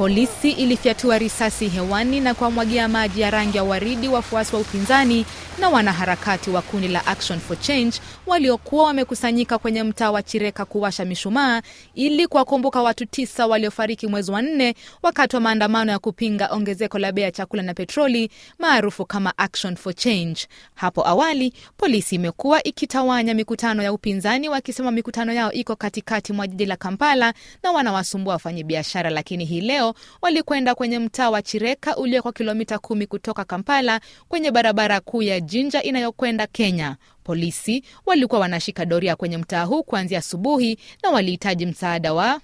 Polisi ilifyatua risasi hewani na kuwamwagia maji ya rangi ya waridi wafuasi wa upinzani na wanaharakati wa kundi la Action for Change waliokuwa wamekusanyika kwenye mtaa wa Chireka kuwasha mishumaa ili kuwakumbuka watu tisa waliofariki mwezi wa nne wakati wa maandamano ya kupinga ongezeko la bei ya chakula na petroli maarufu kama Action for Change. Hapo awali, polisi imekuwa ikitawanya mikutano ya upinzani wakisema mikutano yao iko katikati mwa jiji la Kampala na wanawasumbua wafanyabiashara, lakini hii leo walikwenda kwenye mtaa wa Chireka ulioko kilomita kumi kutoka Kampala kwenye barabara kuu ya Jinja inayokwenda Kenya. Polisi walikuwa wanashika doria kwenye mtaa huu kuanzia asubuhi na walihitaji msaada wa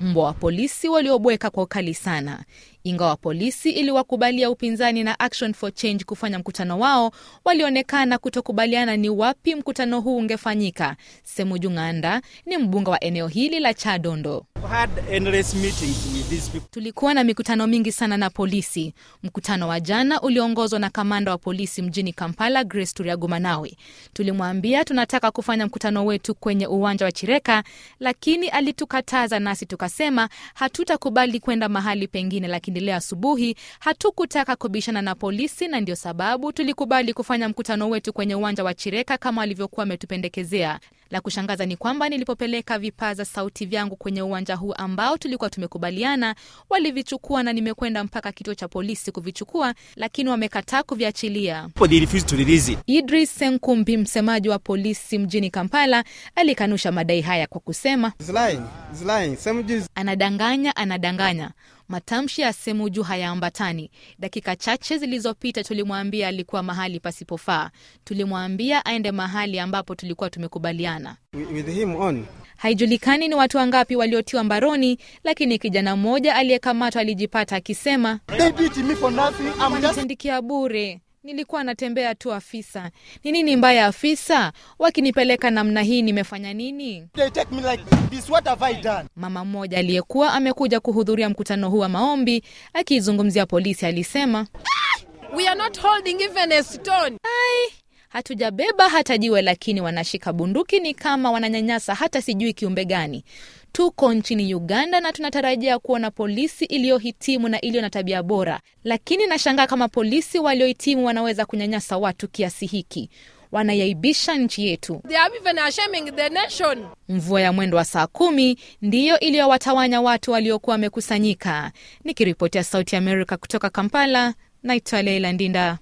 mbwa wa polisi waliobweka kwa ukali sana. Ingawa polisi iliwakubalia upinzani na Action for Change kufanya mkutano wao, walionekana kutokubaliana ni wapi mkutano huu ungefanyika. semu junganda ni mbunga wa eneo hili la Chadondo. Tulikuwa na mikutano mingi sana na polisi. Mkutano wa jana uliongozwa na kamanda wa polisi mjini Kampala, Grace turiagumanawi Tulimwambia tunataka kufanya mkutano wetu kwenye uwanja wa Chireka, lakini alitukataza, nasi tukasema hatutakubali kwenda mahali pengine, lakini hadi asubuhi, hatukutaka kubishana na polisi na ndio sababu tulikubali kufanya mkutano wetu kwenye uwanja wa Chireka kama alivyokuwa ametupendekezea. La kushangaza ni kwamba nilipopeleka vipaza sauti vyangu kwenye uwanja huu ambao tulikuwa tumekubaliana, walivichukua na nimekwenda mpaka kituo cha polisi kuvichukua, lakini wamekataa kuviachilia. Idris Senkumbi, msemaji wa polisi mjini Kampala, alikanusha madai haya kwa kusema lying, lying. Anadanganya, anadanganya Matamshi ya Semuju hayaambatani. Dakika chache zilizopita tulimwambia alikuwa mahali pasipofaa, tulimwambia aende mahali ambapo tulikuwa tumekubaliana. With him on. Haijulikani ni watu wangapi waliotiwa mbaroni, lakini kijana mmoja aliyekamatwa alijipata akisema, bure nilikuwa natembea tu afisa. Ni nini mbaya afisa? Wakinipeleka namna hii nimefanya nini? Mama mmoja aliyekuwa amekuja kuhudhuria mkutano huu wa maombi akiizungumzia polisi alisema We are not holding even a stone. Ai, hatujabeba hata jiwe, lakini wanashika bunduki ni kama wananyanyasa hata sijui kiumbe gani. Tuko nchini Uganda na tunatarajia kuona polisi iliyohitimu na iliyo na tabia bora, lakini nashangaa kama polisi waliohitimu wanaweza kunyanyasa watu kiasi hiki. Wanaiaibisha nchi yetu. Mvua ya mwendo wa saa kumi ndiyo iliyowatawanya watu waliokuwa wamekusanyika. Nikiripotia Sauti Amerika kutoka Kampala, naitwa Leila Ndinda.